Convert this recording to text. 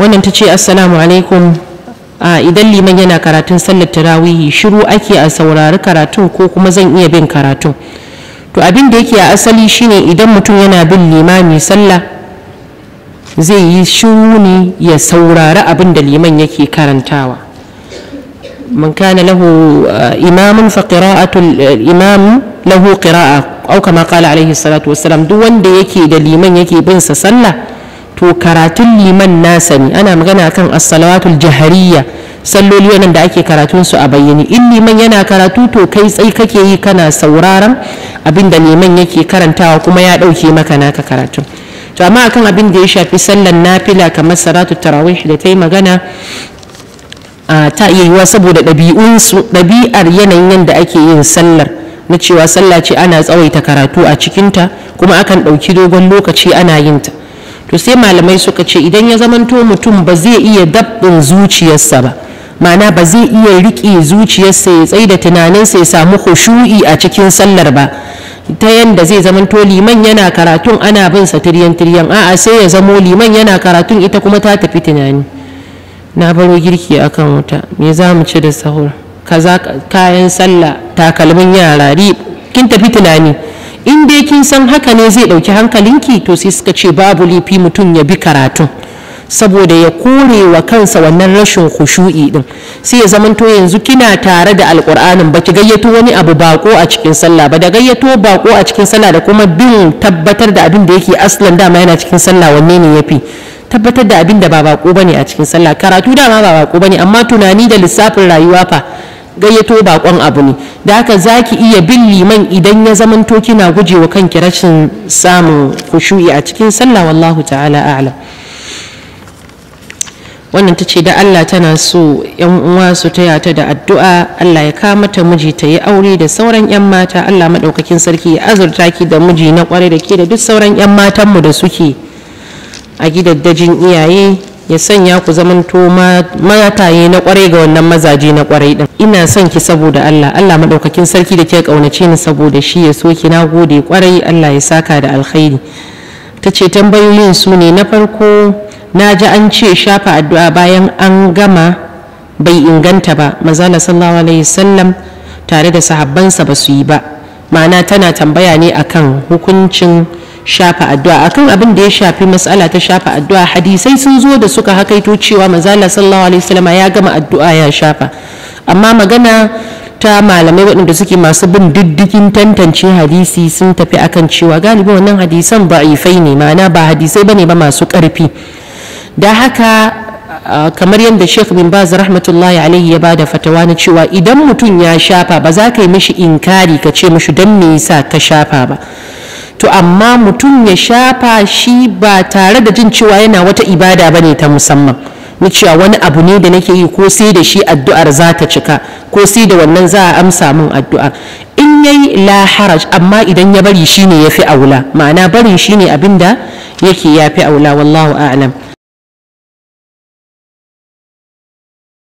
wannan ta ce assalamu alaikum A idan liman yana karatun sallar tarawihi shiru ake a saurari karatun ko kuma zan iya bin karatun to abin da yake a asali shine idan mutum yana bin limami sallah zai yi shiru ne ya saurari abin da liman yake karantawa man kana lahu imamun fa qira'atul imam lahu qira'a au kama qala alaihi salatu wassalam duk wanda yake da liman yake bin sa sallah to karatun liman nasa ne ana magana kan as-salawatul jahariya salloli wannan da ake karatun su a bayyane in liman yana karatu to kai tsai kake yi kana sauraron abin da liman yake karantawa kuma ya dauke maka naka karatun to amma akan abin da ya shafi sallan nafila kamar salatu tarawih da ta yi magana ta iya yiwa saboda ɗabi'unsu ɗabi'ar yanayin yadda ake yin sallar na cewa sallah ce ana tsawaita karatu a cikinta kuma akan ɗauki dogon lokaci ana yin ta to sai malamai suka ce idan ya zamanto mutum ba zai iya dabbin zuciyarsa ba mana ba zai iya riƙe zuciyarsa ya tsaida tunaninsa ya samu khushu'i a cikin sallar ba ta yanda zai zamanto liman yana karatun ana bin sa tiryan tiryan a'a sai ya zamo liman yana karatun ita kuma ta tafi tunani na baro girki akan wuta me za mu ci da sahur kaza kayan sallah takalmin yara kin tafi tunani in dai kin san haka ne zai ɗauki hankalinki to sai suka ce babu laifi mutum ya bi karatu saboda ya kore wa kansa wannan rashin khushu'i din sai ya zamanto yanzu kina tare da alkur'anin ba ki gayyato wani abu bako a cikin sallah ba da gayyato bako a cikin sallah da kuma bin tabbatar da abin da yake aslan dama yana cikin sallah wanne ne yafi tabbatar da abin da ba bako bane a cikin sallah karatu dama ba bako bane amma tunani da lissafin rayuwa fa gayyato bakon abu ne da haka za ki iya bin liman idan ya zamanto kina gujewa kanki rashin samun kushu'i a cikin sallah wallahu ta'ala a'lam wannan ta ce da Allah tana so yan uwa su taya ta da addu'a Allah ya kama ta miji ta yi aure da sauran yan mata Allah maɗaukakin sarki ya azurta ki da miji na kwarai da ke da duk sauran yan matanmu da suke a gidaddajin iyaye ya sanya ku zamanto mataye na kwarai ga wannan mazaje na kwarai din ina son ki saboda Allah Allah madaukakin sarki da ke kaunace ni saboda shi ya so ki na gode kwarai Allah ya saka da alkhairi ta ce tambayoyin su ne na farko na ji an ce shafa addu'a bayan an gama bai inganta ba maza sallallahu alaihi sallam tare da sahabbansa ba su yi ba ma'ana tana tambaya ne akan hukuncin shafa addu'a akan abin da ya shafi matsala ta shafa addu'a hadisai sun zo da suka hakaito cewa manzala sallallahu alaihi wasallam ya gama addu'a ya shafa amma magana ta malamai waɗanda suke masu bin diddigin tantance hadisi sun tafi akan cewa galibi wannan hadisan ba'ifai ne ma'ana ba hadisai bane ba masu ƙarfi da haka kamar yadda sheikh bin baz rahmatullahi alaihi ya bada fatawa na cewa idan mutum ya shafa ba za ka yi mishi inkari ka ce mishi don me yasa ka shafa ba to amma mutum ya shafa shi ba tare da jin cewa yana wata ibada ba ne ta musamman na cewa wani abu ne da nake yi ko sai da shi addu'ar za ta cika ko sai da wannan za a amsa min addu'a in yayi la haraj amma idan ya bari shine yafi aula ma'ana barin shine abinda yake yafi aula wallahu a'lam